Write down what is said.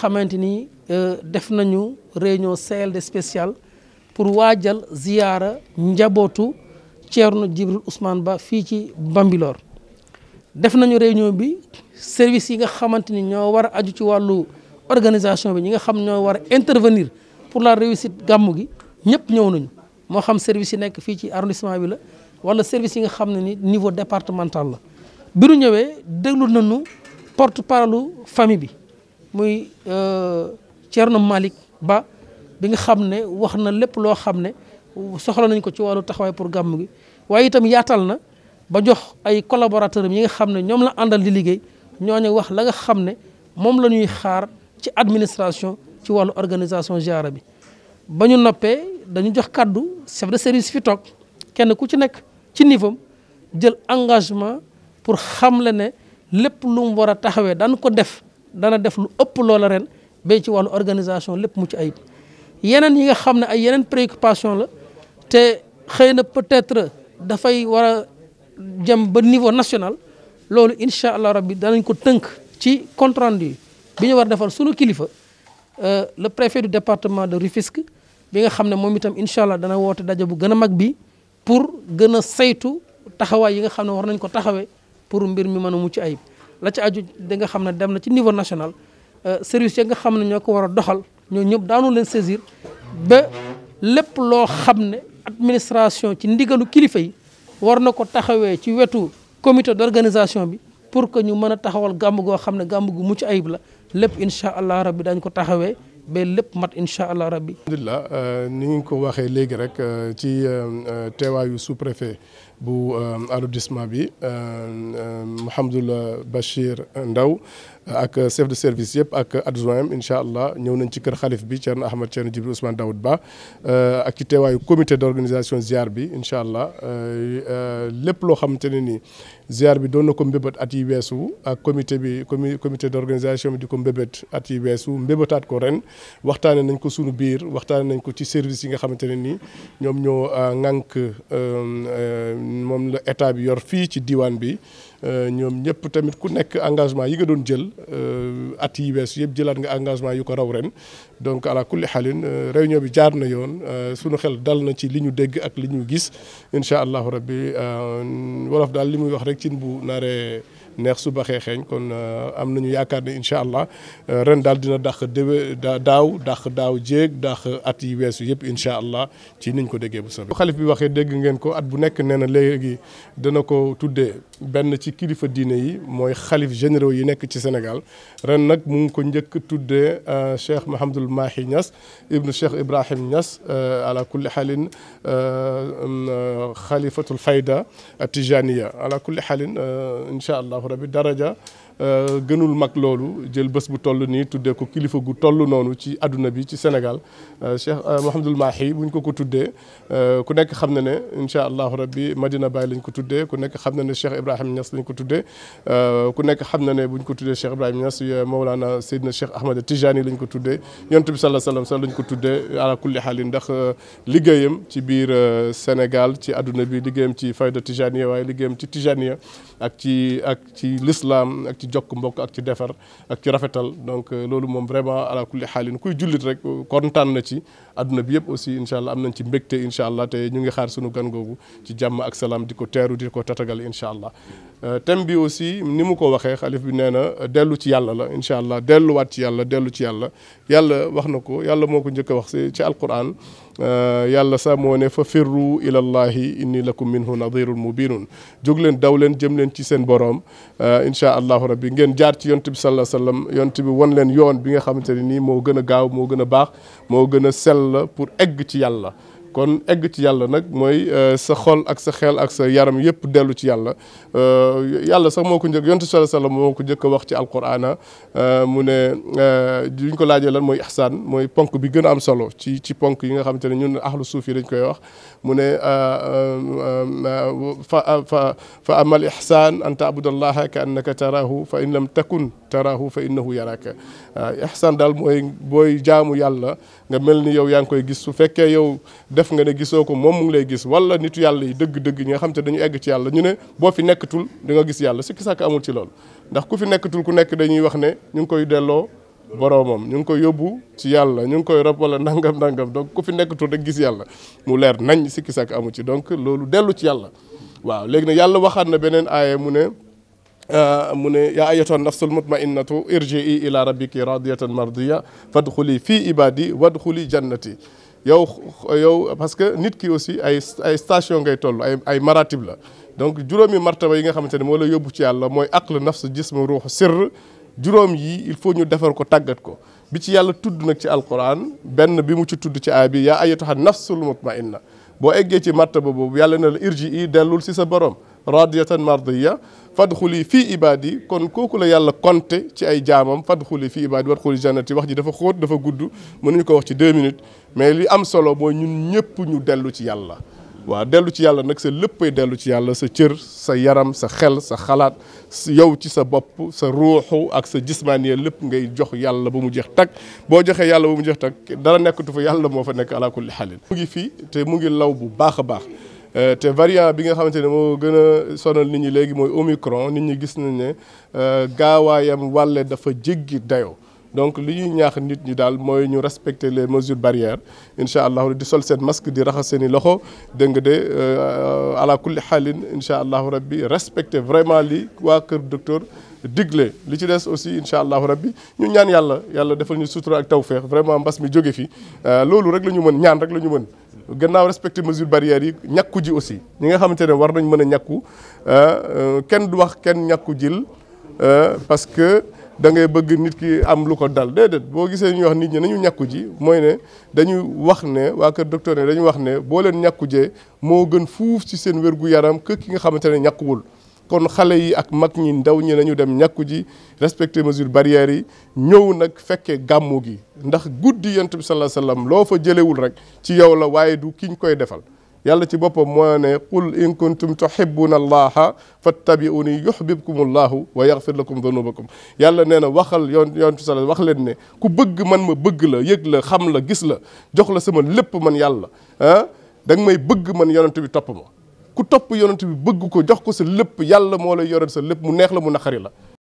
xamante ni euh, def nañu réunion CLD spéciale pour waajal ziyaara njabootu Thierno Djibril Ousmane Ba fii ci Bambilor def nañu réunion bi service yi nga xamante ni ñoo war a aju ci wàllu organisation bi ñi nga xam ñoo war a intervenir pour la réussite gàmmu gi ñëpp ñëw nañu moo xam service yi nekk fii ci arrondissement bi la wala service yi nga xam ne ni niveau départemental la bi ñu ñëwee déglu nañu porte-parole famille bi muy euh, Thierno Malick Ba bi nga xam ne wax na lépp loo xam ne soxla nañ ko ci wàllu taxawaay pour gàmm gi waaye itam yaatal na ba jox ay collaborateur yi nga xam ne ñoom la àndal di liggéey ñooñu wax la nga xam ne moom la ñuy xaar ci administration ci wàllu organisation ziara bi ba ñu noppee dañu jox kàddu chef de service fi toog kenn ku ci nekk ci niveau jël engagement pour xam le ne lépp lum war a taxawee daan ko def dana def lu ëpp loola ren bay ci wàllu organisation lépp mu ci ayib yeneen yi nga xam ne ay yeneen préoccupation la te xëy na peut-être dafay war a jëm ba niveau national loolu incha allah rabbi danañ ko tënk ci compte rendu bi ñu war a defal sunu kilifa euh, le préfet du département de Rufisque bi nga xam ne moom itam incha allah dana woote daje bu gën a mag bi pour gën a saytu taxawaay yi nga xam ne war nañ ko taxawee pour mbir mi mën a mucc ayib. la ci aju da nga xam ne dem na ci niveau national euh, service yi nga xam ne ñoo ko war a doxal ñoo ñëpp daanu leen saisir ba lépp loo xam ne administration ci ndiganu kilifa yi war na ko taxawee ci wetu comité d'organisation bi pour que ñu mën a taxawal gàmm goo xam ne gàmm gu mucc ayib la lépp incha allah rabbi dañ ko taxawee ba lépp mat incha allah rabbi. alhamdulilah ni ngeen ko waxee léegi rek ci teewaayu sous-préfet bu arrondissement bi Mouhamadul Bachir Ndaw ak chef de service yëpp ak adjoint am incha allah ñëw nañ ci kër xalif bi Thierno Ahmed Thierno Jibril Ousmane Daoud Ba euh, ak ci teewaayu comité d' organisation ziar bi incha allah euh, euh, lépp loo xamante ne nii ziar bi doon na ko mbébét at yi weesu ak comité bi comité d' organisation bi di ko mbébét at yi weesu mbébétaat ko ren waxtaane nañ ko sunu biir waxtaane nañ ko ci service yi nga xamante ne nii ñoom ñoo ŋànk moom la état bi yor fii ci diwaan bi Euh, ñoom ñëpp tamit ku nekk engagement yi nga doon jël euh, at yi wees yëpp jëlaat nga engagement yu ko raw ren donc ala kulli xalin euh, réunion bi jaar na yoon sunu xel dal na ci li ñu dégg ak li ñu gis incha allahu rabbi wolof daal li muy wax rek cin bu naaree. neex su baxee xeeñ kon am nañu yaakaar ne incha allah ren daal dina dàq déwé daaw dàq daaw jéeg dàq at yi weesu yëpp incha allah ci niñ ko déggee bu soobee. xalif bi waxee dégg ngeen ko at bu nekk nee na léegi dana ko tuddee benn ci kilifa diine yi mooy xalif généraux yi nekk ci Sénégal ren nag mu ngi ko njëkk tuddee Cheikh Mahamadul Mahi Niass ibnu Cheikh Ibrahim Niass ala kulli xaalin xalifatul fayda atijaniya ala kulli xaalin incha allah. rabi daraja gënul mak lolu jël bés bu tollu ni tuddé ko kilifa gu tollu nonu ci aduna bi ci Sénégal Cheikh Mouhamadul Mahi buñ ko ko tuddé ku nekk xam na ne incha rabbi Madina bay lañ ko tuddé ku nekk xam na ne Cheikh Ibrahim Niass lañ ko tuddé ku nekk xam na ne buñ ko tuddé Cheikh Ibrahim Niass Mawlana Seydina Cheikh Ahmad Tijani lañ ko tuddé yantou bi sallallahu alayhi wasallam sax lañ ko tuddé ala kulli hal ndax liggéeyam ci biir Sénégal ci aduna bi liggéeyam ci fayda tijani way liggéeyam ci tijani ak ci ak ci l'islam ak ci jokk mbokk ak ci defar ak ci rafetal donc loolu moom vraiment ala kulli xaalin kuy jullit rek kontaan na ci adduna bi yëpp aussi incha allah am nañ ci mbégte incha allah te ñu ngi xaar sunu gan googu ci jàmm ak salaam di ko teeru di ko tatagal incha allah thème bi aussi ni mu ko waxee xalif bi nee na dellu ci yàlla la incha allah delluwaat ci yàlla dellu ci yàlla yàlla wax na ko yàlla moo ko njëkk a wax ci alquran آه، يالا سامونه ففروا الى الله اني لكم منه نظير مبين جوغلن داولن جملن سي سن آه، ان شاء الله ربي نين جار تي صلى الله عليه وسلم يونت بي وون لن يون بيغا خامتاني ني باخ مو سل بور اگ تي kon egg ci yàlla nak moy sa xol ak sa xel ak sa yaram yep delu ci yàlla yàlla sax moko ko njëkk yontu sala sala moo ko njëkk wax ci alqurana mu ne duñ ko laajee lan mooy ihsaan mooy ponk bi gën am solo ci ci ponk yi nga xamante ñun ahlu suuf dañ koy wax mu ne fa fa fa amal ihsaan an taabudallaha ka tarahu fa in lam takun taraahu fa innahu yaraaka ah, ihsan daal mooy booy jaamu yàlla nga mel ni yow yaa ngi koy gis su fekkee yow def nga ne gisoo ko moom mu ngi lay gis wala nit yàlla yi dëgg-dëgg ñi nga xam te dañuy egg ci yàlla ñu ne boo fi nekkatul da nga gis yàlla sikki sàkk amul ci loolu ndax ku fi nekkatul ku nekk dañuy wax ne ñu ngi koy delloo boroomam ñu ngi koy yóbbu ci yàlla ñu ngi koy rob wala nangam nangam donc ku fi nekkatul rek gis yàlla mu leer nañ sikki sàkk amu ci donc loolu dellu ci yàlla waaw léegi nag yàlla waxaat na beneen aaye mu ne آه، من يا أيها النفس المطمئنة ارجعي إلى ربك راضية مرضية فادخلي في عبادي وادخلي جنتي يو يو باسكو نيت كي اوسي اي اي ستاسيون غاي تولو اي اي مراتب لا دونك جورومي مرتبه ييغا خامتاني مولا يوبو سي الله موي عقل نفس جسم روح سر جوروم يي il faut ñu défer ko tagat ko bi ci yalla tuddu nak ci alcorane ben bi mu ci tuddu ci abi ya ayatu an nafsul mutmainna bo eggé ci martaba bobu yalla na la irji delul ci radiyatan mardiya fadxuli fii ibaadi kon kooku la yàlla compté ci ay jaamam fadxuli fii ibaadi wadxuli jannati wax ji dafa xóot dafa gudd mënuñu ko wax ci deux minutes mais li am solo mooy ñun ñëpp ñu dellu ci yàlla waaw dellu ci yàlla nag sa léppay dellu ci yàlla sa cër sa yaram sa xel sa xalaat yow ci sa bopp sa ruuxu ak sa jismaaniya lépp ngay jox yàlla ba mu jeex tag boo joxee yàlla ba mu jeex tag dara nekkatu fa yàlla moo fa nekk ala kulli xaalin mu ngi fii te mu ngi law bu baax a baax Euh, te variant bi nga xamanteni mo gëna sonal nit ñi légui moy omicron nit ñi gis nañ ne euh, gaawaayam wàlle dafa jéggi dayo donc li ñuy ñaax nit ñi daal mooy ñu respecter les mesures barrières incha allahu di sol seen masque di raxas seen i loxo dégg nga de euh, ala kulli xaalin incha allahu rabbi respecter vraiment li waa kër docteur digle li ci des aussi incha allahu rabbi ñu ñaan yàlla yàlla defal ñu sutura ak tawféex vraiment mbas mi jóge fi loolu rek la ñu mën ñaan rek la ñu mën. gannaaw respecté mesure barrière yi ñàkku ji aussi ñi nga xamante ne war nañ mën a ñàkku euh, euh, kenn du wax kenn ñàkku jil euh, parce que da ngay bëgg nit ki am lu ko dal déedéet boo gisee ñu wax nit ñi nañu ñàkku ji mooy ne dañu wax ne waa kër docteur ne dañu wax ne boo leen ñàkku jee moo gën fuuf ci seen wér yaram que ki nga xamante ne ñàkkuwul. kon xale yi ak mag ñi ndaw ñi nañu dem ñàkku ji respecter mesure barrière yi ñëw nak fekke gamu gi ndax guddi yent bi sallallahu alayhi wasallam lo fa jëlewul rek ci yow la waye du kiñ koy defal yàlla ci bopam mo ne qul in kuntum tuhibbuna allah fattabi'uni yuhibbukum allah wa yaghfir lakum dhunubakum yàlla neena waxal yoon yoon bi sallallahu wax leen ne ku bëgg man ma bëgg la yegg la xam la gis la jox la sama lépp man yàlla hein da may bëgg man yonent bi topp ma ku topp yonent bi bëgg ko jox ko sa lépp yàlla moo lay yoral sa lépp mu neex la mu naqari la